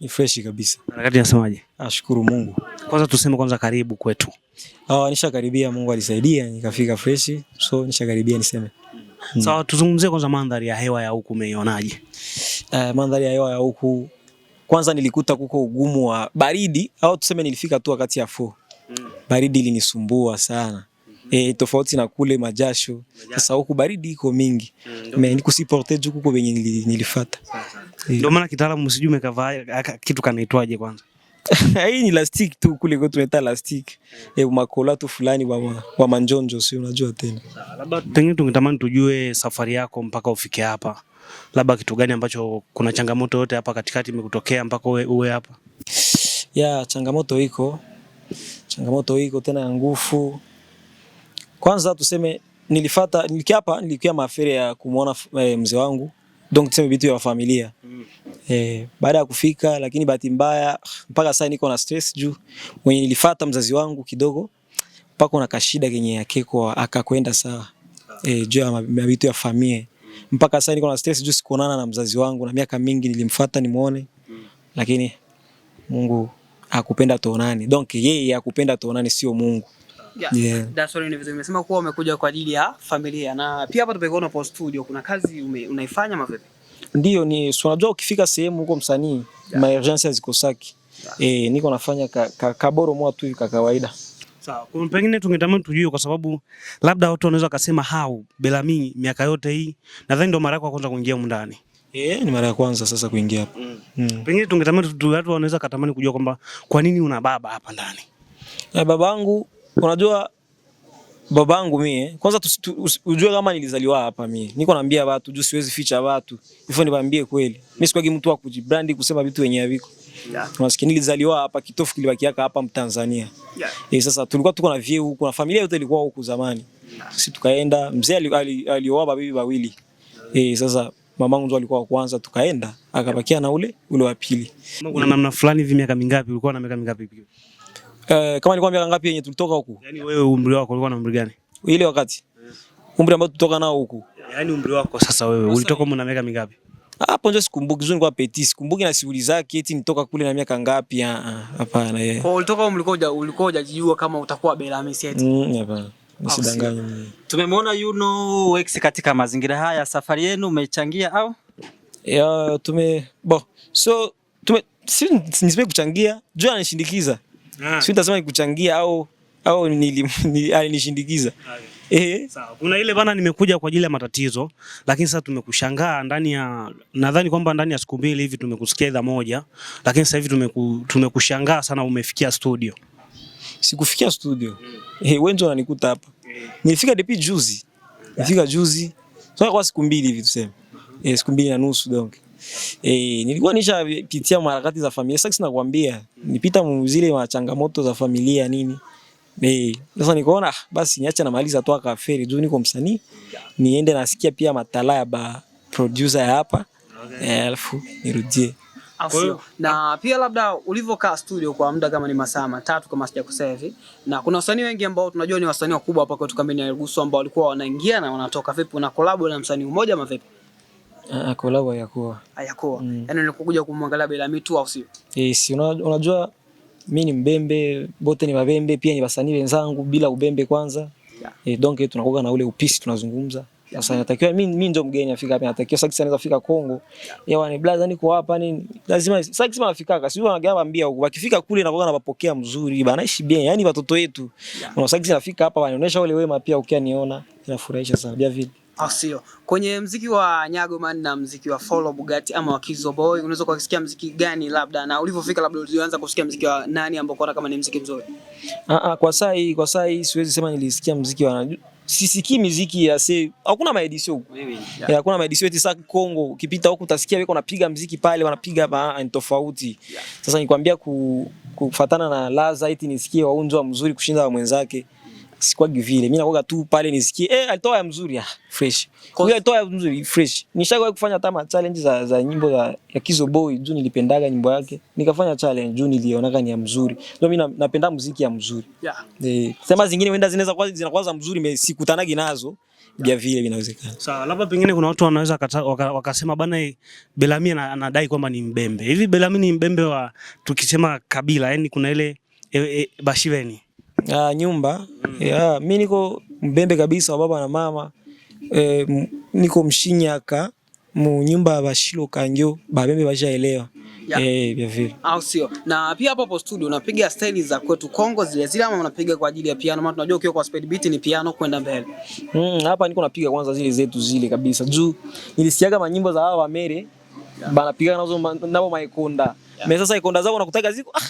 Ni fresh kabisa. Harakati nasemaje? Ashukuru Mungu. Kwanza tuseme kwanza karibu kwetu. Ah, nishakaribia Mungu alisaidia nikafika fresh. So nishakaribia niseme. Hmm. Sawa, so, tuzungumzie kwanza mandhari ya hewa ya huku umeionaje? Uh, mandhari ya hewa ya huku kwanza nilikuta kuko ugumu wa baridi au tuseme nilifika tu wakati ya 4. Hmm. Baridi ilinisumbua sana. E, tofauti na kule majasho. Sasa huku baridi iko mingi mm, me ni kusiporte juu kuko venye nilifata. Eh. Ndio maana kitaalamu sijui umekavaa kitu kanaitwaje kwanza? Hii ni lastic tu kule kwetu tunaita lastic. Mm. E, eh, makola tu fulani wa, wa manjonjo si unajua tena. Labda pengine tungetamani tujue safari yako mpaka ufike hapa. Labda kitu gani ambacho kuna changamoto yote hapa katikati imekutokea mpaka uwe, uwe hapa? Ya, changamoto iko. Changamoto iko tena ya nguvu kwanza tuseme nilifata nilikiapa nilikia maafiri ya kumuona eh, mzee wangu donc tuseme vitu vya familia mm. Eh, baada ya kufika, lakini bahati mbaya mpaka sasa niko na stress juu mwenye nilifata mzazi wangu kidogo mpaka na kashida kenye yake kwa akakwenda sawa eh, juu ya mabitu ya familia mpaka sasa niko na stress juu sikuonana na mzazi wangu na miaka mingi nilimfuata nimuone Lakini Mungu akupenda tuonane, donc yeye akupenda tuonane, sio Mungu. Yeah. That's all ni vitu kuwa umekuja kwa ajili ya familia na pia hapa tumekuona post studio kuna kazi ume, unaifanya mavipi? Ndio ni so unajua ukifika sehemu huko msanii yeah. Maurgences hazikosaki. Yeah. Eh, niko nafanya ka, ka, kaboro mwa tu kwa kawaida. Sawa. Kwa pengine tungetamani tujue kwa sababu labda watu wanaweza kusema hau Belami miaka yote hii nadhani ndio mara yako ya kwanza kuingia huko ndani. Eh, ni mara ya kwanza sasa kuingia hapa. Mm. Mm. Pengine tungetamani watu wanaweza katamani kujua kwamba kwa nini una baba hapa ndani. Eh, babangu Unajua babangu mie, kwanza ujue kama nilizaliwa hapa mie. Niko naambia watu juu siwezi ficha watu. Hivyo niwaambie kweli. Mimi sikwagi mtu wa kujibrandi kusema vitu wenye haviko. Yeah. Unasikia nilizaliwa hapa, kitofu kilibaki hapa Mtanzania. Yeah. Eh, sasa tulikuwa tuko na vyeo huko na familia yote ilikuwa huko zamani. Yeah. Sisi tukaenda, mzee alioa ali, ali bibi wawili. yeah. Eh, sasa mamangu ndo alikuwa wa kwanza, tukaenda akabakia na ule ule wa pili. Kuna namna fulani hivi miaka mingapi ulikuwa na miaka mingapi? pia? Eh, kama nilikuwa miaka ngapi yenye tulitoka huku? Yaani wewe umri wako ulikuwa na umri gani? Ile wakati. Yes. Umri ambao tulitoka nao huku. Yaani umri wako sasa wewe ulitoka mna miaka mingapi? Hapo ndio sikumbuki, zuri kwa peti, sikumbuki na shughuli zake eti nitoka kule na miaka ngapi? Ah, ah hapana yeye. Kwa ulitoka umlikoja, ulikoja jijua kama utakuwa Bela Hamisi eti. Mm, hapana. Nisidanganye. Tumemwona Yuno X katika mazingira haya, safari yenu umechangia au? Ya tume bo. So tume si kuchangia, jua anishindikiza. Ah. si utasema ikuchangia au au alinishindikiza. Ah, ah, eh, sawa. Kuna ile bana, nimekuja kwa ajili ya matatizo, lakini sasa tumekushangaa ndani ya nadhani kwamba ndani ya siku mbili hivi tumekusikia idha moja, lakini sasa hivi tumeku, tumekushangaa sana umefikia studio. Sikufikia studio. Mm. Eh, wewe ndio unanikuta hapa. Mm. Nilifika depi juzi. Nilifika juzi. Sasa kwa siku mbili hivi tuseme. Mm -hmm. Eh, siku mbili na nusu donc. E, nilikuwa nishapitia harakati za familia. Sasa nakwambia nipita zile changamoto za familia nini. Eh, sasa nikaona ah, basi na maliza tu akaferi juu niko msanii. Niende nasikia pia matala ya ba producer ya hapa. Okay. Eh, alafu nirudie. Asio. Ah, na pia labda ulivyokaa studio kwa muda kama ni masaa matatu kama sijakosea hivi, na kuna wasanii wengi ambao tunajua ni wasanii wakubwa hapa kwetu kama ya Aguso ambao walikuwa wanaingia na wanatoka. Vipi una collab na msanii mmoja ama vipi? Uh, ah, ah, kolabo hayakuwa. Hayakuwa. Mm. Yaani nilikuja kumwangalia Belami tu au sio? Yes, eh, unajua mimi ni mbembe, bote ni mabembe, pia ni wasanii wenzangu bila ubembe kwanza. Yeah. E, donc tunakuwa na ule upisi tunazungumza. Yeah. Sasa natakiwa mimi mimi ndio mgeni afika hapa, natakiwa sasa naweza fika Kongo. Yeah. Yawa ni blaza niko hapa ni Lazima sasa kama nafika kasi wewe unagamba ambia huko. Wakifika kule na na wapokea mzuri, bana ishi bien. Yaani watoto wetu. Yeah. Unasaki nafika hapa wanaonyesha ule wema pia ukianiona. Inafurahisha sana. Bia vile au ah, sio? Kwenye mziki wa Nyagoman na mziki wa Follow Bugatti ama wa Kizo Boy unaweza kusikia mziki gani labda, na ulivyofika labda ulianza kusikia mziki wa nani ambao kwa kama ni mziki mzuri? Ah, ah, kwa saa hii, kwa saa hii siwezi sema nilisikia mziki wa sisiki miziki ya se hakuna maedisio huku yeah. Hakuna maedisio eti sasa Kongo ukipita huku utasikia wako wanapiga mziki pale wanapiga ba ah, ni tofauti, yeah. Sasa nikwambia ku, kufatana na laza eti nisikie waunjwa mzuri kushinda wa mwenzake sikwagi vile. Mimi nakoga tu pale nisikie eh, alitoa ya mzuri ya ah, fresh. Huyo alitoa ya mzuri fresh. Nishakwahi kufanya hata challenge za za nyimbo za, ya Kizo Boy, juu nilipendaga nyimbo yake. Nikafanya challenge juu nilionaga ni ya mzuri. Ndio mimi napenda muziki ya mzuri. Yeah. Eh, sema zingine wenda zinaweza kwa zinakuwa za mzuri, sikutanagi nazo. Ya vile vinawezekana. Sawa, labda pengine kuna watu wanaweza wakasema waka, bana Belami anadai kwamba ni mbembe. Hivi Belami ni mbembe wa tukisema kabila, yani kuna ile e, e, Bashiveni uh, nyumba mm. yeah, mi niko Mbembe kabisa wa baba na mama e, niko Mshinyaka mu nyumba ya bashilo kanjo babembe bashaelewa yeah. Eh, vya vile au sio? Na pia hapa hapo studio unapiga staili za kwetu Kongo zile zile, ama unapiga kwa ajili ya piano? Maana tunajua ukiwa kwa speed beat ni piano kwenda mbele. Mm, hapa niko napiga kwanza zile zetu zile kabisa, juu nilisikia manyimbo za hawa Wamere yeah. banapiga nazo nabo maikonda yeah. Mimi sasa ikonda zao nakutaga ziko ah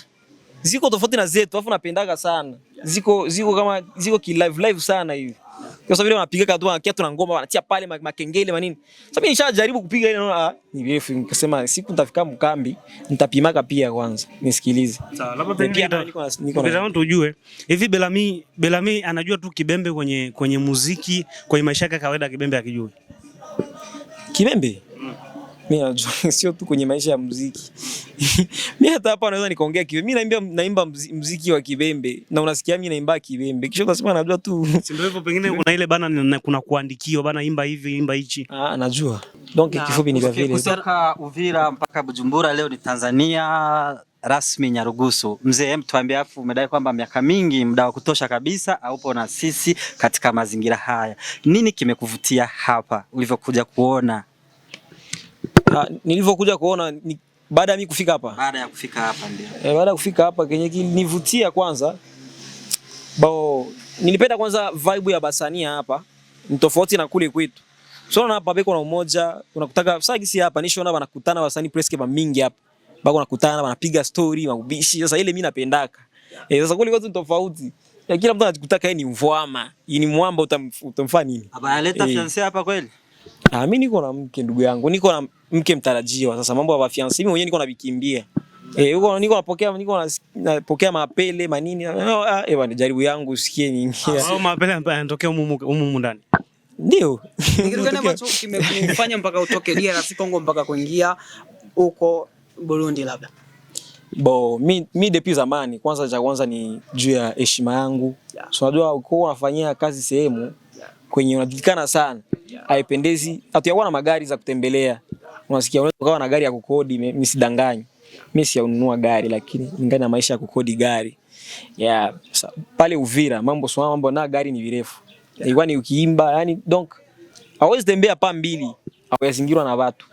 ziko tofauti na zetu, alafu napendaga sana ziko ziko kama ziko ki live live sana hivi, kwa sababu ile wanapiga kadua kia tuna ngoma wanatia pale makengele manini. Sasa mimi nishajaribu kupiga ile, naona ah, ni refu, nikasema siku nitafika mkambi nitapimaka pia kwanza nisikilize. Sawa, labda pengine niko niko mtu ujue hivi Belami Belami anajua tu kibembe kwenye kwenye muziki, kwenye maisha yake kawaida, kibembe akijui kibembe mimi najua sio tu kwenye maisha ya muziki mi hata hapa naweza nikaongea kiwe mi naimba naimba muziki wa kibembe na unasikia mi naimba kibembe, kisha utasema najua tu, si hivyo? Pengine kuna ile bana, kuna kuandikiwa bana, imba hivi imba hichi. Ah, najua donc na, kifupi ni vile kutoka Uvira mpaka Bujumbura, leo ni Tanzania rasmi Nyarugusu. Mzee, hem, tuambie afu, umedai kwamba miaka mingi, muda wa kutosha kabisa, haupo na sisi katika mazingira haya. Nini kimekuvutia hapa ulivyokuja kuona na nilivyokuja kuona ni, baada ya mimi kufika hapa baada ya kufika hapa ndio e, baada ya kufika hapa kenye kinivutia kwanza bao nilipenda kwanza vibe ya Basania hapa ni tofauti na kule kwetu. So na hapa beko na umoja, unakutaka sasa hivi hapa nisho na wanakutana wasanii press kwa mingi hapa. Bako wanakutana wanapiga story, wanabishi. Sasa ile mimi napendaka. Eh, sasa kule kwetu ni tofauti. Ya kila mtu anakutaka yeye ni mvwama, yeye ni mwamba utamfanya nini? Aba aleta eh. fiancé hapa kweli? Ah, mimi niko na mke ndugu yangu. Niko na mke mtarajiwa. Sasa mambo ya mafiansi mimi mwenyewe niko nabikimbia eh, huko niko napokea niko napokea mapele manini ah, eh bwana, jaribu yangu usikie nyingia ah, au mapele ambayo yanatokea humu humu ndani ndio kitu gani ambacho kimekufanya mpaka utoke DRC Congo mpaka kuingia huko Burundi labda? Bo, mi, mi depuis zamani, kwanza cha kwanza ni juu ya heshima yangu yeah. So unajua uko unafanyia kazi sehemu yeah. kwenye unajulikana sana yeah. Haipendezi hatuyakuwa na magari za kutembelea unasikia unaweza ukawa na gari ya kukodi. Mimi sidanganyi, mimi siaununua gari, lakini ningana na maisha ya kukodi gari ya yeah. Pale Uvira mambo sio mambo, na gari ni virefu yeah. Ikwani ukiimba, yani donc hawezi tembea pa mbili awezingirwa na watu,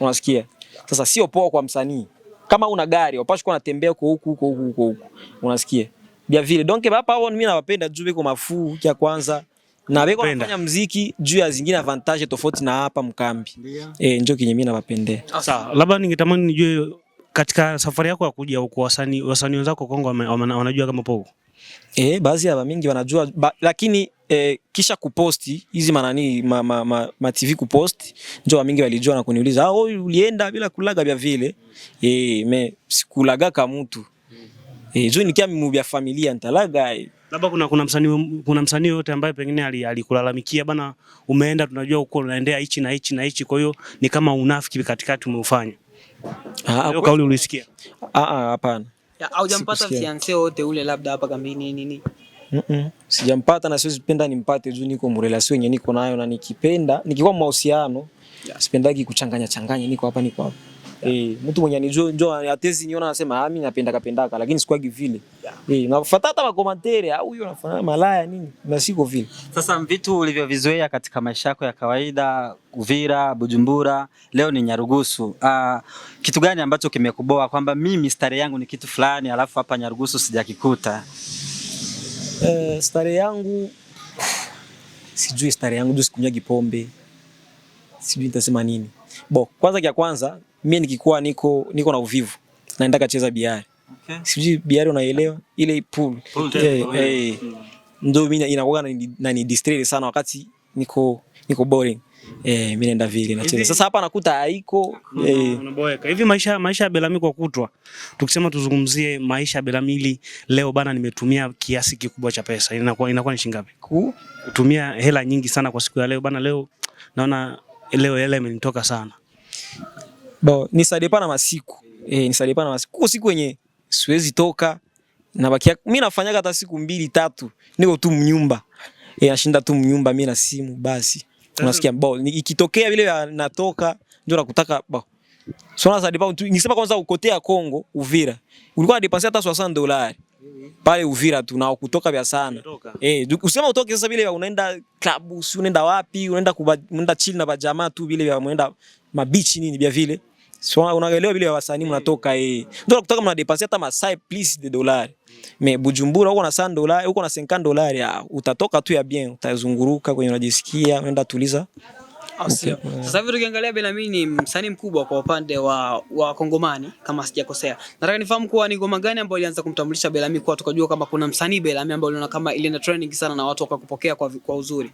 unasikia. Sasa sio poa kwa msanii kama una gari upashi kuwa natembea kwa huku huku huku huku, unasikia bia vile donc hapa hao mimi nawapenda juu kwa mafuu ya kwanza na beko anafanya muziki juu ya zingine avantage tofauti na hapa mkambi. E, njoo kinye mimi nawapendea. Sawa, labda ningetamani nijue katika safari yako ya kuja huku wasanii wasanii wenzako Kongo wanajua kama pogo? Eh, baadhi ya mingi wanajua ba, lakini e, kisha kuposti hizi manani ma, ma, ma, ma TV kuposti njoo wa mingi walijua na kuniuliza, ah, wewe ulienda bila kulaga vya vile? Eh, me sikulaga kama mtu. Eh, juu nikia mimi vya familia nitalaga. Eh. Labda kuna kuna msanii kuna msanii yote ambaye pengine alikulalamikia bana, umeenda tunajua huko unaendea hichi na hichi na hichi, kwa hiyo ni kama unafiki katikati umeufanya. Ah, ah, kauli ulisikia? Ah ah, hapana. jampata fiance wote ule labda hapa kambini nini? Mm -mm. Sijampata na siwezi penda nimpate juu niko mrelation yenyewe niko nayo na nikipenda nikikuwa mahusiano yeah. Sipendagi kuchanganya changanya, niko hapa niko hapa Eh, mtu mwenye anijua njoo atezi niona anasema ah, mimi napenda kapendaka lakini sikwagi vile. Eh, unafuata hata makomentari au ah, huyo anafanya malaya nini? Na siko vile. Sasa vitu ulivyovizoea katika maisha yako ya kawaida, Uvira, Bujumbura, leo ni Nyarugusu. Ah, kitu gani ambacho kimekuboa kwamba mimi stare yangu ni kitu fulani alafu hapa Nyarugusu sijakikuta? Eh, stare yangu sijui stare yangu juu sikunyagi pombe. Sijui nitasema nini. Bo, kwanza kia kwanza mimi nikikuwa niko niko na uvivu na nataka cheza biari. Okay. Sijui biari unaelewa ile pool. Eh, eh. Ndio mimi inakuwa na ni distress sana wakati niko niko boring. Eh, mimi naenda vile nacheza. Sasa hapa nakuta haiko. Eh, unaboeka. Hivi maisha maisha ya Belami kwa kutwa. Tukisema tuzungumzie maisha ya Belami leo bana, nimetumia kiasi kikubwa cha pesa. Inakuwa inakuwa ni shingapi? Kutumia hela nyingi sana kwa siku ya leo bana, leo naona leo hela imenitoka sana. Bo, nisadepa na masiku. Eh, nisadepa na masiku. Kuko siku yenye siwezi toka. Nabakia mimi nafanyaga hata siku mbili tatu. Niko tu mnyumba. Eh, nashinda tu mnyumba mimi na simu basi. Unasikia bo, ikitokea vile natoka ndio nakutaka bo. Sona za depa nisema kwanza ukotea Kongo Uvira. Ulikuwa unadepansa hata 60 dollars. Pale Uvira tu na kutoka vya sana. Eh, usema utoke sasa vile unaenda club, unaenda wapi, unaenda unaenda chill na bajamaa tu vile unaenda mabichi nini vya vile. So unaelewa vile wasanii mm. mnatoka eh. Ndio kutoka mnadepansi hata masai please de dolari. Me Bujumbura huko na 100 dolari, huko na 50 dolari utatoka tu ya bien, utazunguruka kwenye unajisikia, unaenda tuliza. Ah, mm. Sasa hivi tukiangalia Benami ni msanii mkubwa kwa upande wa Wakongomani kama sijakosea. Nataka nifahamu kuwa ni ngoma gani ambayo ilianza kumtambulisha Benami kwa tukajua kama kuna msanii Benami ambaye unaona kama ilienda trending sana na watu wakakupokea kwa, kwa uzuri.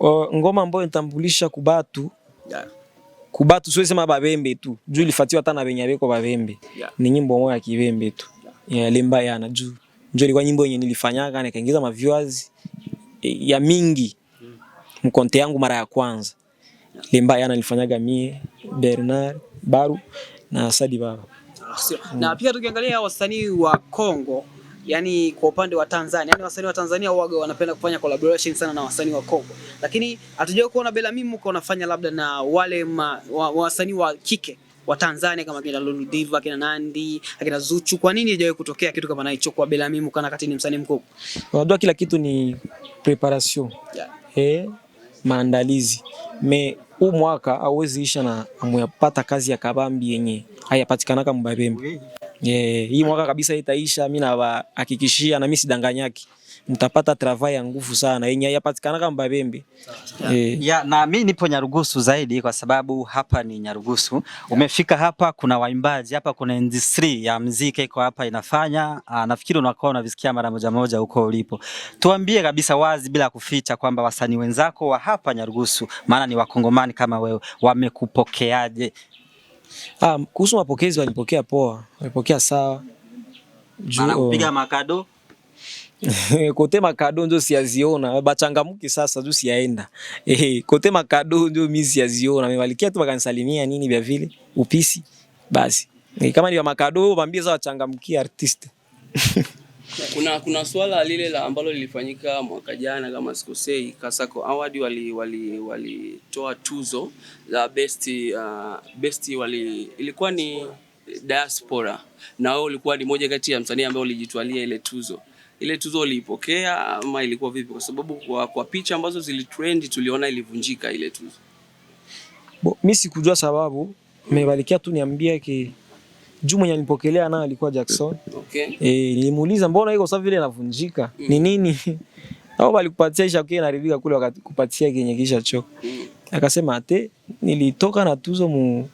O, ngoma ambayo inatambulisha kubatu. Yeah kubatu sio sema babembe tu juu ilifuatiwa hata na benye beko babembe yeah. Ni nyimbo moja ya kibembe tu yeah. Yeah, yana juu njoo ilikuwa nyimbo yenye nilifanyaga nikaingiza ma viewers e, ya mingi mm. mkonte yangu mara ya kwanza limba Lemba yana nilifanyaga mie Bernard Baru na Sadi Baba. Ah, na pia tukiangalia wasanii wa Kongo yani kwa upande wa Tanzania, yani wasanii wa Tanzania huaga wanapenda kufanya collaboration sana na wasanii wa Kongo, lakini hatujao kuona Belami mko unafanya labda na wale wasanii wa kike wa Tanzania kama kina Lulu Diva, kina Nandi, kina Zuchu. Kwa nini haijawahi kutokea kitu kama hicho kwa Belami mko na kati ni msanii mkubwa? Unajua kila kitu ni preparation. Yeah. Eh, maandalizi. Me huu mwaka auwezi isha na amuyapata kazi ya kabambi yenye hayapatikanaka kama mbabembe. Yeah, hii mwaka kabisa itaisha, mimi nawahakikishia na mimi sidanganyaki. Mtapata travail ya nguvu sana yenye yapatikana kama Babembe. Yeah. Yeah. Yeah, na mimi nipo Nyarugusu zaidi kwa sababu hapa ni Nyarugusu. Yeah. Umefika hapa kuna waimbaji, hapa kuna industry ya muziki iko hapa inafanya. Aa, ah, nafikiri unakuwa unavisikia mara moja moja huko ulipo. Tuambie kabisa wazi bila kuficha kwamba wasanii wenzako wa hapa Nyarugusu maana ni wakongomani kama wewe wamekupokeaje Ah, kuhusu mapokezi walipokea poa, walipokea sawa. Anakupiga makado kote makado ndio siaziona bachangamuke sasa juu siaenda eh, kote makado ndio mimi siaziona, mevalikia tu bakanisalimia nini vya vile upisi basi. kama ni makado mwambie za wachangamkie artiste Kuna kuna swala lile la ambalo lilifanyika mwaka jana kama sikosei, Kasako Award walitoa wali, wali tuzo la best, uh, best wali ilikuwa ni diaspora, na wewe ulikuwa ni moja kati ya msanii ambaye ulijitwalia ile tuzo. Ile tuzo uliipokea ama ilikuwa vipi? Kwa sababu kwa, kwa picha ambazo zilitrend tuliona ilivunjika ile tuzo. Mimi sikujua sababu, mmebarikia tu niambie ki juu mwenye alinipokelea nayo alikuwa Jackson. Okay. E, nilimuuliza mbona iko safi vile inavunjika? Mm. Ni nini? Au alikupatia kisha kile naribika kule wakati kupatia kenye kisha choko. Mm. Akasema ate nilitoka na tuzo mu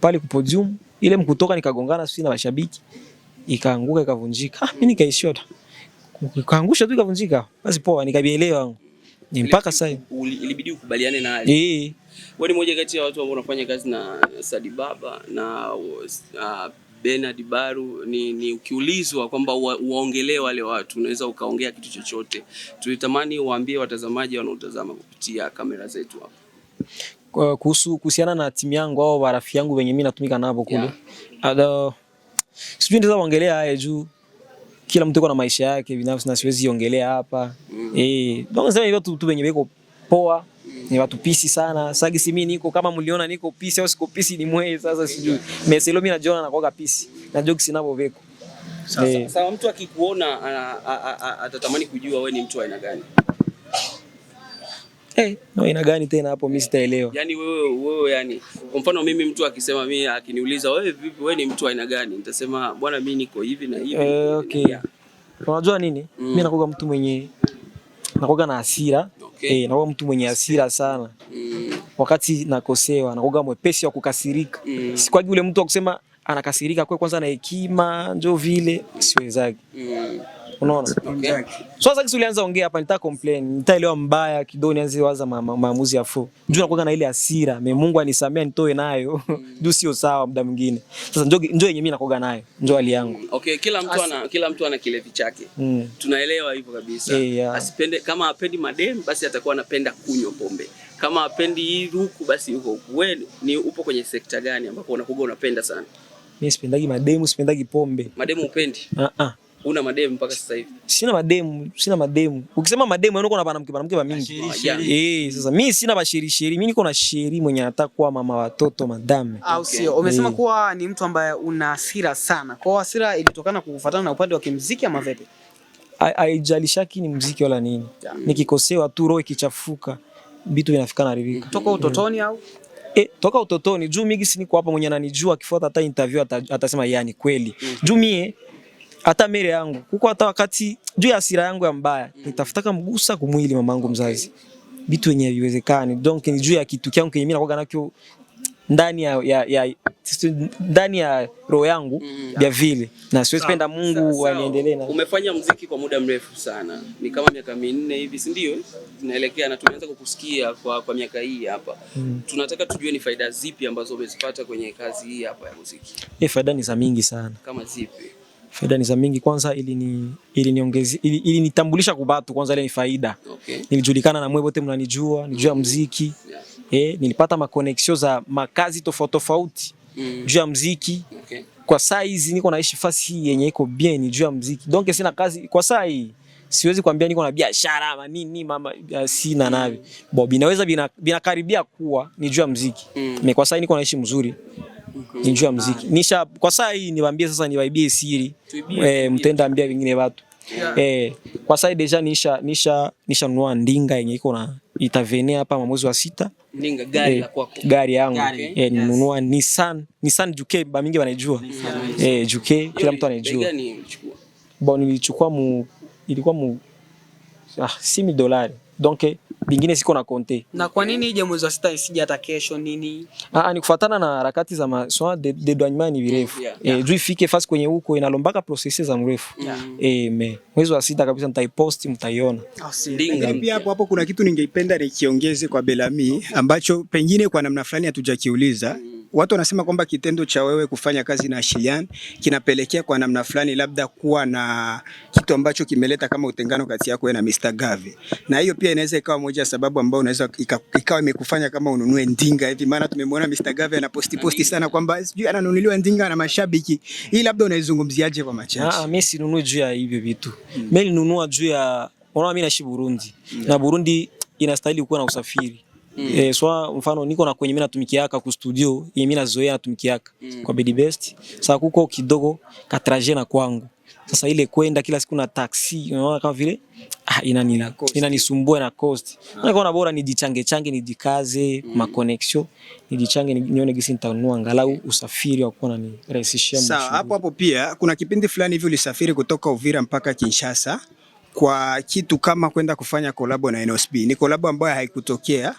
pale ku podium ile mkutoka nikagongana sisi na mashabiki ikaanguka ikavunjika. Ah, mimi nikaishiwa tu. Kaangusha tu ikavunjika. Basi poa nikabielewa. Ni mpaka sasa ilibidi ukubaliane na hali. Eh. Wewe ni mmoja kati ya watu ambao wanafanya kazi na Sadibaba na uh, Bernard Baru ni, ni ukiulizwa kwamba uwaongelee wale watu, unaweza ukaongea kitu chochote. Tulitamani waambie watazamaji wanaotazama kupitia kamera zetu hapa kuhusu kuhusiana na timu yangu au warafiki yangu wenye mimi natumika nao kule Ado Sijui ndio waongelea haya juu kila mtu yuko na maisha yake binafsi na siwezi ongelea hapa mm. Eh, ndio nasema hivyo tu, tu wenye beko poa ni watu pisi sana. Sasa mimi niko kama mliona niko pisi au siko pisi ni mwe sasa sijui. Mimi sio mimi najiona anakuwa pisi. Na jokes veko. Sasa eh. sasa mtu akikuona atatamani kujua wewe ni mtu wa aina gani? Eh, hey, no aina gani tena hapo mimi eh, sitaelewa. Yaani wewe wewe yani kwa mfano mimi mtu akisema mimi akiniuliza wewe vipi wewe ni mtu wa aina gani? Nitasema bwana mimi niko hivi na hivi. Eh, okay. Unajua nini? Mimi mm. nakuwa mtu mwenye nakuwa na hasira okay. E, nakuwa mtu mwenye hasira sana mm. Wakati nakosewa nakuwa mwepesi wa kukasirika mm. Sikwagi ule mtu wa kusema anakasirika, kwe kwanza na hekima, njo vile siwezagi mm. Unaona? Okay. So sasa ulianza ongea hapa, nita complain, nitaelewa mbaya kidogo, nianze waza maamuzi ya fuu. Juu nakuwa na ile hasira, mimi Mungu anisamee nitoe nayo. Juu sio sawa muda mwingine. Sasa njoo njoo yenye mimi nakuwa nayo, njoo hali yangu. Mm, okay, kila mtu ana kila mtu ana kilevi chake. Mm. Tunaelewa hivyo kabisa. Eh, yeah. Asipende kama apendi madem basi atakuwa anapenda kunywa pombe. Kama apendi huku basi huko. Wewe ni upo kwenye sekta gani ambapo unakuwa unapenda sana? Mimi sipendagi mademu, sipendagi pombe. Mademu upendi? uh ah, -uh. Ah. Una mademu mpaka sasa hivi? Sina mademu, sina mademu. Ukisema mademu yaani unakuwa na mwanamke mwanamke wa mingi. Eh, sasa mimi sina bashiri sheri. Mimi niko na sheri mwenye anataka kuwa mama watoto madame. Okay. Ah, au sio? Umesema eh. kuwa ni mtu ambaye una hasira sana. Kwa hasira ilitokana kufuatana na upande wa kimuziki ama vipi? Haijalishaki ni muziki wala nini. Yeah. Nikikosewa tu roho ikichafuka, vitu vinafika na rivika. Toka mm. utotoni au? E, toka utotoni juu mimi si niko hapa mwenye ananijua, akifuata hata interview atasema yani kweli. Mm-hmm. Juu mie hata mere yangu huko, hata wakati juu ya hasira yangu ya mbaya mm. nitafutaka mgusa kumwili mamangu mzazi, vitu yenye viwezekani. Donc ni juu ya kitu kyangu kenye mimi nakuwa nacho ndani ya, ya, ya, ndani ya roho yangu mm, ya vile na siwezi penda Mungu aniendelee na. Umefanya muziki kwa muda mrefu sana, ni kama miaka minne hivi, si ndio? Tunaelekea na tumeanza kukusikia kwa, kwa miaka hii hapa mm. Tunataka tujue ni faida zipi ambazo umezipata kwenye kazi hii hapa ya muziki. Eh, faida ni za mingi sana. Kama zipi? Faida ni za mingi. Kwanza ili ili ili, ni niongeze ili nitambulisha kwa watu kwanza ile ni faida. Okay. Nilijulikana na mwe wote mnanijua, nijua mm -hmm. mziki Yeah. Eh, nilipata makoneksio za makazi tofauti tofauti. Mm. Juu ya mziki Okay. Kwa saa hizi niko naishi fasi hii yenye iko bien ni juu ya muziki. Donc sina kazi kwa saa hii. Siwezi kuambia niko na biashara ama nini mama, eh, sina mm. nabi. Bob inaweza binakaribia bina kuwa ni juu ya muziki. Mm. Kwa saa hii niko naishi mzuri ni njoo muziki. Nisha kwa saa hii niwaambie sasa, niwaibie siri eh, mtenda ambia vingine watu eh, kwa saa hii deja nisha nisha nisha nunua ndinga yenye iko na itavenea hapa mwezi wa sita. Ndinga gari eh, la kwako, gari yangu eh, ninunua Nissan Nissan Juke, ba mingi wanajua eh, Juke kila mtu anajua. Bon, nilichukua mu ilikuwa mu ah, 6000 dollars donc vingine siko na konte. Na kwa nini ije mwezi wa sita isije hata kesho nini? Ah, ah ni kufuatana na harakati za maswa de, de douanement ni virefu. Yeah, yeah. Eh, juu ifike fasi kwenye huko inalombaka processes za mrefu. Yeah. Eh, me. Mwezi wa sita kabisa nitaiposti mtaiona. Lakini ah, pia hapo hapo kuna kitu ningeipenda nikiongeze kwa Belami ambacho pengine kwa namna fulani hatujakiuliza. Mm watu wanasema kwamba kitendo cha wewe kufanya kazi na Shiyan kinapelekea kwa namna fulani labda kuwa na kitu ambacho kimeleta kama utengano kati yako na Mr. Gavi. na hiyo pia inaweza ikawa moja ya sababu ambayo unaweza ikawa imekufanya kama ununue ndinga hivi, maana tumemwona Mr. Gavi anaposti posti sana kwamba sijui ananunuliwa ndinga na mashabiki. Hii labda unaizungumziaje kwa machache? Ah, mimi sinunui juu ya hivyo vitu, mimi ninunua juu ya unaona, mimi naishi Burundi na Burundi inastahili kuwa na usafiri Mm. Eh, swa mfano niko na kwenye mimi natumikia yaka ku studio, yeye mimi nazoea natumikia yaka mm. kwa Bidi Best. Sasa kuko kidogo ka trajet na kwangu. Sasa ile kwenda kila siku na taxi, unaona kama vile ah, inani inanisumbua na cost. Ah. Nikaona bora nijichange change nijikaze mm. ma connection, nijichange nione gisi nitanunua angalau usafiri wa kuwa na rahisishia mshahara. Sawa, hapo hapo pia kuna kipindi fulani hivi ulisafiri kutoka Uvira mpaka Kinshasa kwa kitu kama kwenda kufanya kolabo na NSB. Ni kolabo ambayo haikutokea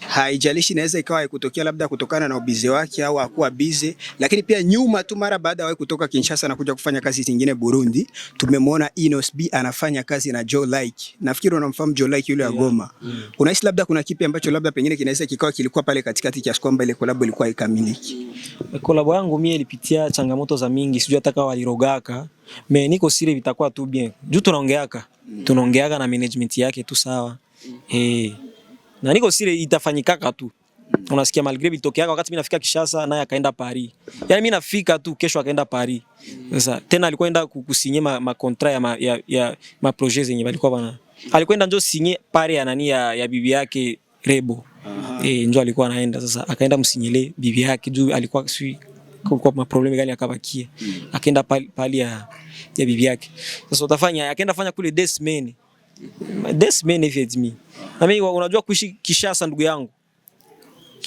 haijalishi inaweza ikawa ikutokea labda kutokana na ubizi wake au hakuwa bize, lakini pia nyuma tu mara baada ya kutoka Kinshasa na kuja kufanya kazi zingine Burundi, tumemwona Inos B anafanya kazi na Joe Like. Nafikiri unamfahamu Joe Like yule wa Goma. Yeah. Mm. Unahisi labda kuna kipi ambacho labda pengine kinaweza kikawa kilikuwa pale katikati kiasi kwamba ile collab ilikuwa ikamiliki? Collab yangu mimi ilipitia changamoto za mingi, sijui hata kama walirogaka Mimi niko sile vitakuwa tu bien juu tunaongeaka tunaongeaka na management yake tu sawa, mm. eh hey na niko sile itafanyikaka tu unasikia malgré ilitokeaka wakati mimi nafika Kishasa naye akaenda Paris. Yaani mimi nafika tu kesho akaenda Paris. Sasa tena alikuwa enda kusinye ma, ma contrat ya, ma, ya, ya ma projet zenye walikuwa bana. Alikwenda njo sinye pare ya nani ya, ya bibi yake Rebo. e, eh, njo alikuwa anaenda sasa akaenda msinyele bibi yake juu alikuwa si kwa ma problem gani akabakia. Hmm. Akaenda pale ya, ya bibi yake. Sasa utafanya akaenda fanya kule Desmene. This man me. Na mimi unajua kuishi Kishasa ndugu yangu.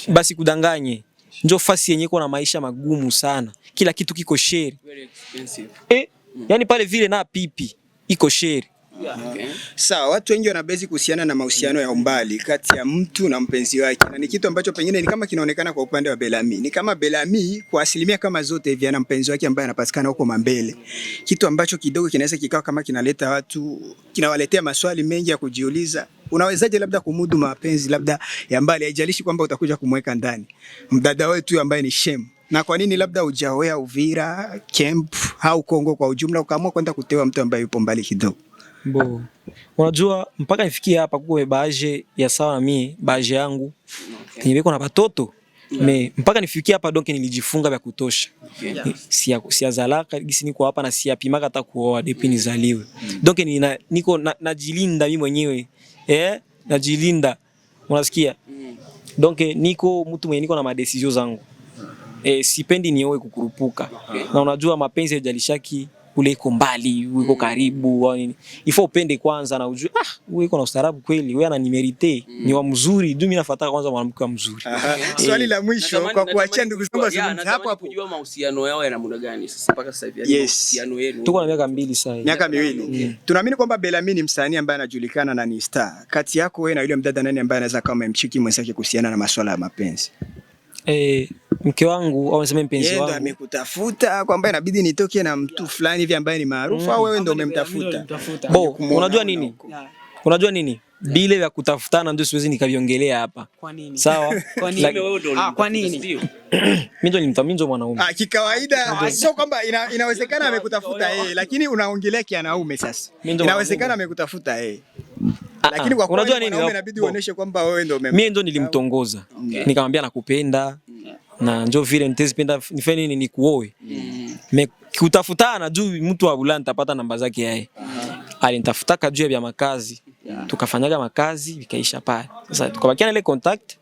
Basi kudanganye. njo fasi yenye iko na maisha magumu sana. Kila kitu kiko sheri. Very expensive. Eh, yani pale vile na pipi iko sheri. Sawa, watu wengi wanabezi kuhusiana na mahusiano ya umbali kati ya mtu na mpenzi wake, na ni kitu ambacho pengine ni kama kinaonekana kwa upande wa Belami. Ni kama Belami kwa asilimia kama zote hivi ana mpenzi wake ambaye anapatikana huko Mambele, kitu ambacho kidogo kinaweza kikawa kama kinaleta watu, kinawaletea maswali mengi ya kujiuliza Unawezaje labda kumudu mapenzi labda ya mbali, haijalishi kwamba utakuja kumweka ndani mdada wetu ambaye ni Shem. Na kwa nini labda ujaoea Uvira, Kemp au Kongo kwa ujumla, ukaamua kwenda kutewa mtu ambaye yupo mbali kidogo? Bo. Unajua mpaka nifikie hapa kuko baje ya sawa na mimi, baje yangu okay. Kenye na batoto yeah. Me mpaka nifikie hapa donc nilijifunga vya kutosha okay. Yeah. Sia, sia zalaka gisi niko hapa na sia pimaka hata kuoa depi nizaliwe mm. Donc nina, niko najilinda na, mimi mwenyewe eh, najilinda unasikia mm. Donc niko mtu mwenye niko na madesizio zangu Eh, sipendi nioe kukurupuka okay. Na unajua mapenzi yajalishaki kule iko mbali, uko mm. karibu au nini. Ifo upende kwanza na ujue ah, wewe uko na ustaarabu kweli, wewe ananimerite mm. ni wa mzuri. Mimi nafuata kwanza mwanamke wa mzuri. Eh. Swali la mwisho kwa kuachia ndugu zangu hapo hapo. kujua mahusiano yao yana muda gani sasa mpaka sasa hivi? Mahusiano yenu. Tuko na miaka mbili sasa hivi. Miaka miwili. Tunaamini kwamba Belami ni msanii ambaye anajulikana na ni star. Kati yako wewe na yule mdada nani ambaye anaweza kama mchiki mwenzake kuhusiana na masuala ya mapenzi? Eh, mke wangu au niseme mpenzi wangu. Yeye amekutafuta kwamba inabidi nitoke na mtu fulani hivi ambaye ni maarufu au wewe ndo mm. umemtafuta? Bo, unajua nini? Unajua nini? vile vya kutafutana ndio siwezi nikaviongelea hapa. Kwa nini? Sawa. Kwa nini wewe Ah, kwa nini? Mimi ndio nimtamini ndio mwanaume. Ah, kikawaida sio kwamba ina, inawezekana amekutafuta yeye, lakini unaongelea kianaume sasa. Inawezekana amekutafuta yeye. Ah, ah. Lakini kwa unajua nini? Inabidi uoneshe kwamba wewe ndio umempa. Mimi ndio nilimtongoza. Nikamwambia nakupenda na njoo vile nitezi penda nifanye nini nikuoe. Mm. Mekutafutana juu mtu wa Bulanda atapata namba zake yeye. Ah alinitafutaka juu ya makazi, tukafanyaga makazi, vikaisha pale. Sasa tukabakia na ile contact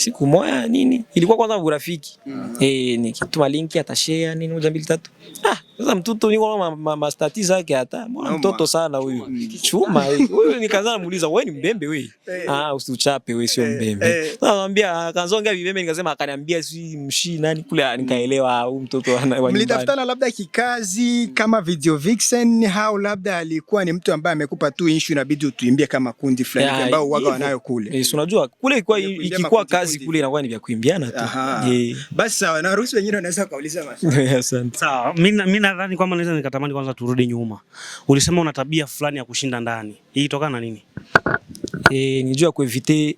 siku moja nini, ilikuwa kwanza urafiki mm -hmm. Eh, nikituma linki atashare nini moja mbili tatu. Ah, sasa mtoto niko ma, ma, ma stati zake hata mbona mtoto sana huyu mm. chuma wewe. Nikaanza namuuliza wewe ni mbembe wewe? hey. Eh. Ah, usichape wewe, sio eh, mbembe. hey. Eh. Sasa anambia akaanzongea vibembe, nikasema akaniambia si mshi nani kule, ah, nikaelewa ah, huyu mtoto ana mlitafutana labda kikazi kama video vixen, au labda alikuwa ni mtu ambaye amekupa tu issue, inabidi utuimbie kama kundi fulani ambao waga wanayo kule. Unajua kule ilikuwa ikikuwa kazi kazi kule inakuwa ni vya kuimbiana tu. Basi sawa, na ruhusu wengine wanaweza kuuliza maswali. Asante. Sawa, mimi mimi nadhani kwamba naweza nikatamani kwanza turudi nyuma. Ulisema una tabia fulani ya kushinda ndani. Hii itokana na nini? Eh, nijua kuevite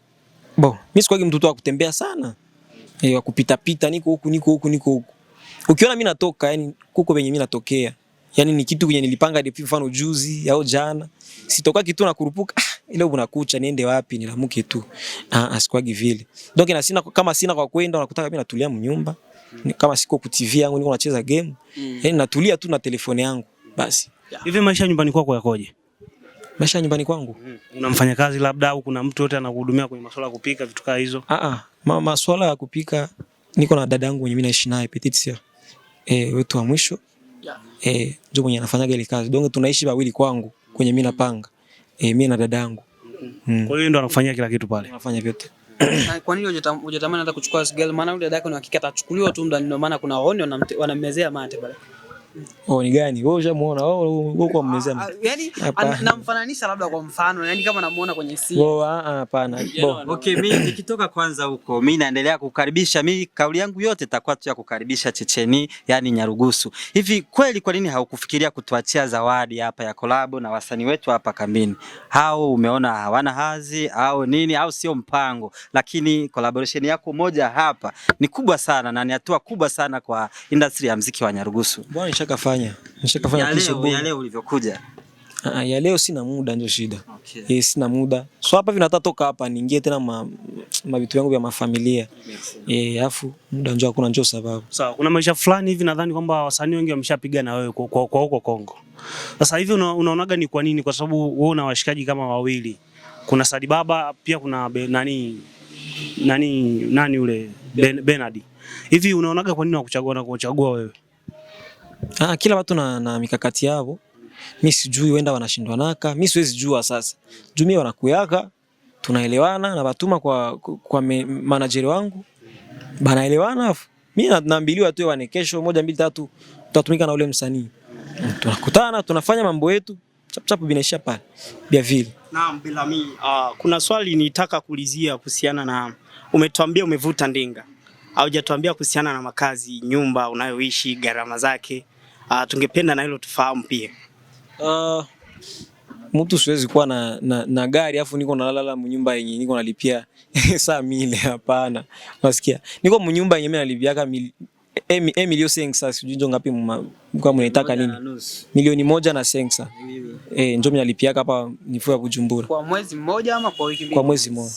bo. Mimi sikuwa mtoto wa kutembea sana. Eh, wa kupita pita niko huku niko huku niko huku. Ukiona mimi natoka, yani kuko penye mimi natokea. Yani ni kitu kwenye nilipanga depuis mfano juzi au jana. Sitoka kitu na kurupuka. ile unakucha niende wapi nilamuke tu, ah, asikwagi vile. Donc na sina kama sina kwa kwenda, nakutaka mimi natulia mnyumba, kama siko ku TV yangu niko nacheza game, mm. yani natulia tu na telefoni yangu basi. Hivi yeah. maisha nyumbani kwako yakoje? Maisha nyumbani kwangu mm. unamfanya kazi labda au kuna mtu yote anakuhudumia kwenye masuala ya kupika vitu kama hizo? Ah ah, ma masuala ya kupika niko na dada yangu mwenye mimi naishi naye Petit Sir. eh wetu wa mwisho, Yeah. eh ndio mwenye anafanyaga ile kazi, donc tunaishi wawili kwangu kwenye mimi napanga eh, mimi na dadangu. Mm. mm. Kwa hiyo ndo anafanyia kila kitu pale. Anafanya vyote. Kwa nini hujatamani hata kuchukua girl? Maana yule dadako ni hakika atachukuliwa tu ndani, ndio maana kuna waone wanamezea mate pale. Oh, ni gani? Wewe ushamuona? Oh, wewe kwa ah, mmezema. Ah, yaani namfananisha labda kwa mfano, yaani kama namuona kwenye simu. Oh, ah, ah hapana. Okay, mimi nikitoka kwanza huko, mimi naendelea kukaribisha, mimi kauli yangu yote itakuwa tu ya kukaribisha Checheni, yani Nyarugusu. Hivi kweli kwa nini haukufikiria kutuachia zawadi hapa ya kolabo na wasanii wetu hapa kambini? Hao umeona hawana hazi au nini au sio mpango? Lakini collaboration yako moja hapa ni kubwa sana na ni hatua kubwa sana kwa industry ya muziki wa Nyarugusu. Bwana nishakafanya nishakafanya ya leo ulivyokuja Aa, ah, ah, ya leo sina muda ndio shida. Okay. Yes, eh, sina muda. So hapa vinataka toka hapa niingie tena ma, ma vitu yangu vya mafamilia. Eh, afu muda njoo hakuna njoo sababu. Sawa, so, kuna maisha fulani hivi nadhani kwamba wasanii wengi wameshapiga na wewe kwa kwa huko Kongo. Sasa hivi unaonaga ni kwa nini? Kwa sababu wewe una washikaji kama wawili. Kuna Sadi Baba pia kuna be, nani nani nani ule Bernard. Hivi unaonaga kwa nini wakuchagua na kuchagua wewe? Ah, kila watu na, na mikakati yao. Mimi sijui wenda wanashindwa naka, Mimi siwezi jua sasa. Jumia wanakuyaka, tunaelewana na watuma kwa kwa manager wangu. Banaelewana afu. Mimi naambiliwa tu wane kesho moja mbili tatu tutatumika na ule msanii. Mm, tunakutana, tunafanya mambo yetu, chap chap binaisha pale. Bia vile. Naam, bila mimi uh, ah, kuna swali nitaka kuulizia kuhusiana na umetuambia umevuta ndinga haujatuambia kuhusiana na makazi, nyumba unayoishi, gharama zake. Uh, tungependa na hilo tufahamu pia. Uh, mtu siwezi kuwa na, na, na gari afu niko nalala mnyumba yenye niko nalipia saa mile. Hapana, unasikia, niko mnyumba yenye mimi nalipiaka mil, eh, eh, milio sensa sijui ngapi mkwa mnaitaka nini, milioni moja na sensa eh, njoo mimi hapa nifua kujumbura kwa mwezi mmoja ama kwa wiki mbili, kwa mwezi mmoja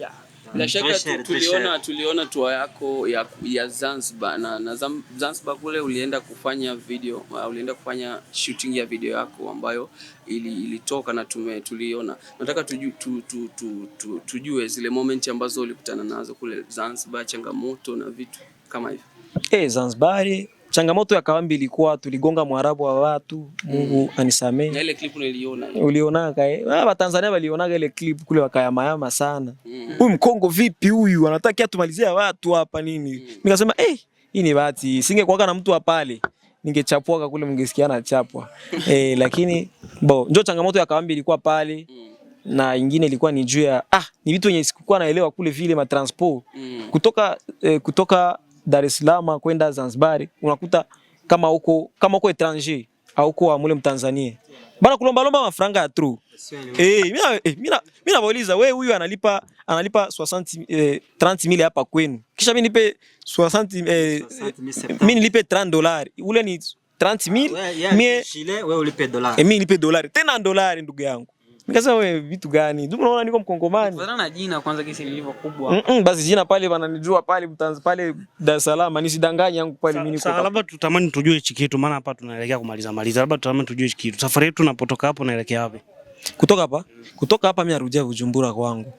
yeah. Bila mm. shaka tu, tuliona tuliona tua yako ya, ya Zanzibar na, na Zanzibar kule ulienda kufanya video uh, ulienda kufanya shooting ya video yako ambayo ilitoka ili na tume tuliona. Nataka tujue tu, tu, tu, tu, tujue zile moment ambazo ulikutana nazo kule Zanzibar, changamoto na vitu kama hivyo. Eh, Zanzibar Changamoto ya kawambi ilikuwa tuligonga mwarabu wa watu. Mungu mm. anisamee. Na ile clip uliona, uliona kae eh? ah, wa Tanzania walionaga ile clip kule, wakayamayama sana. mm. Huyu mkongo vipi huyu, anataka atumalizia watu hapa nini? Mm. Nikasema eh, hii ni bahati, singekuwa na mtu hapa pale ningechapwa kule, mngesikia na chapwa eh, lakini bo, njoo changamoto ya kawambi ilikuwa pale mm na ingine ilikuwa ni juu ya ah, ni vitu yenye sikukuwa naelewa kule vile ma transport mm. kutoka eh, kutoka Dar es Salaam kwenda Zanzibar, unakuta kama uko kama uko etranger au kwa mule Mtanzania bana kulomba lomba mafaranga ya true eh, mimi mimi mimi wewe huyu analipa analipa 60 eh, 30000 hapa kwenu, kisha mimi nipe 60 eh, eh mimi nilipe 30 dollars, ule ni 30000 mimi mimi nilipe dollars tena dollars, ndugu yangu Nikasema wewe vitu gani? Ndio unaona niko Mkongomani. Kwanza na jina kwanza kesi lilivyo kubwa. Mm -mm, basi jina pale wananijua pale mtanzi pale Dar es Salaam, nisidanganye yangu pale mimi niko. Sasa labda tutamani tujue hichi kitu maana hapa tunaelekea kumaliza maliza. Labda tutamani tujue hichi kitu. Safari yetu tunapotoka hapo naelekea wapi? Kutoka hapa? Kutoka hapa mimi narudia Bujumbura kwangu.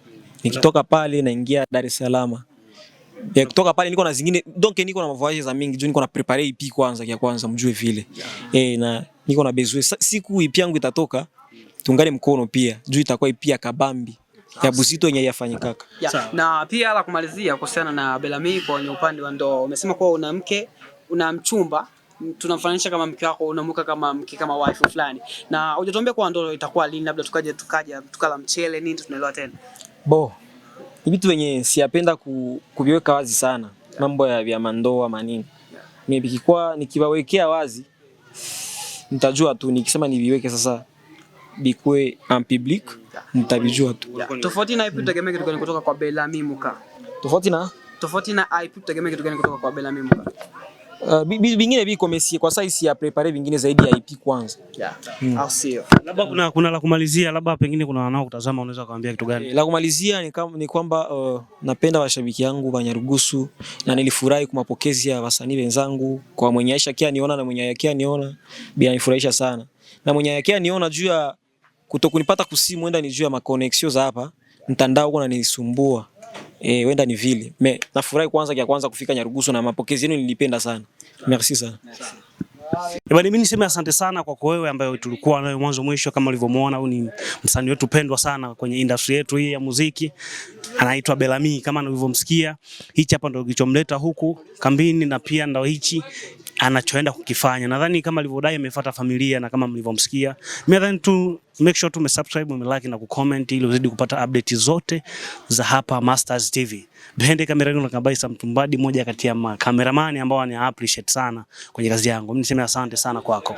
Nikitoka pale naingia Dar es Salaam. Ya kutoka pale niko na zingine, donc niko na mavoyages za mingi, juu niko na prepare EP kwanza, kia kwanza mjue vile. Eh, na niko na bezwe siku EP yangu itatoka tungane mkono pia juu itakuwa pia kabambi ya Busito yenye yafanyikaka yeah. Na pia la kumalizia kuhusiana na Belami kwa wenye upande wa ndoa, umesema kuwa una mke una mchumba, tunamfananisha kama mke wako, unamuka kama mke kama wife fulani, na hujatuambia kwa ndoa itakuwa lini, labda tukaje tukaja tukala mchele nini, tunaelewa tena bo ni vitu venye siyapenda ku, kuviweka wazi sana yeah. Mambo ya vya mandoa manini yeah. Mimi nikikuwa nikiwawekea wazi nitajua tu, nikisema niviweke sasa bikwe en public, mtabijua tu. Tofauti na ipi tutegemea kitu gani kutoka kwa Bellamy Mimuka Tofauti na tofauti na ipi tutegemea kitu gani kutoka kwa Bellamy Mimuka Uh, bingine biko Messi kwa sasa ya prepare vingine zaidi ya IP kwanza. Yeah. Mm. Au Labda kuna kuna la kumalizia, labda pengine kuna wanao kutazama, unaweza kuambia kitu gani? Eh, La kumalizia ni kam, ni kwamba uh, napenda washabiki yangu Nyarugusu na nilifurahi kwa mapokezi ya wasanii wenzangu, kwa mwenye Aisha kia niona na mwenye Aisha kia niona, bila nifurahisha sana. Na mwenye Aisha kia niona juu ya kutokunipata kusimu, wenda ni juu ya makonexio za hapa mtandao uko nanisumbua. Eh, wenda ni vile. Me nafurahi kwanza kia kwanza kufika Nyarugusu na mapokezi yenu nilipenda sana. Merci sana. Mimi niseme asante sana kwako wewe ambaye tulikuwa nayo mwanzo mwisho, kama ulivyomuona, huyu ni msanii wetu pendwa sana kwenye industry yetu hii ya muziki, anaitwa Belami kama ulivyomsikia. Hichi hapa ndio kilichomleta huku kambini, na pia ndio hichi anachoenda kukifanya. Nadhani kama alivyodai amefuata familia na kama mlivyomsikia. Mimi nadhani tu make sure tu umesubscribe, umelike na kucomment ili uzidi kupata update zote za hapa Mastaz TV. Bende kamera yangu nakabai mtumbadi moja kati ya makameramani ambao ni appreciate sana kwenye kazi yangu. Mimi niseme asante sana kwako.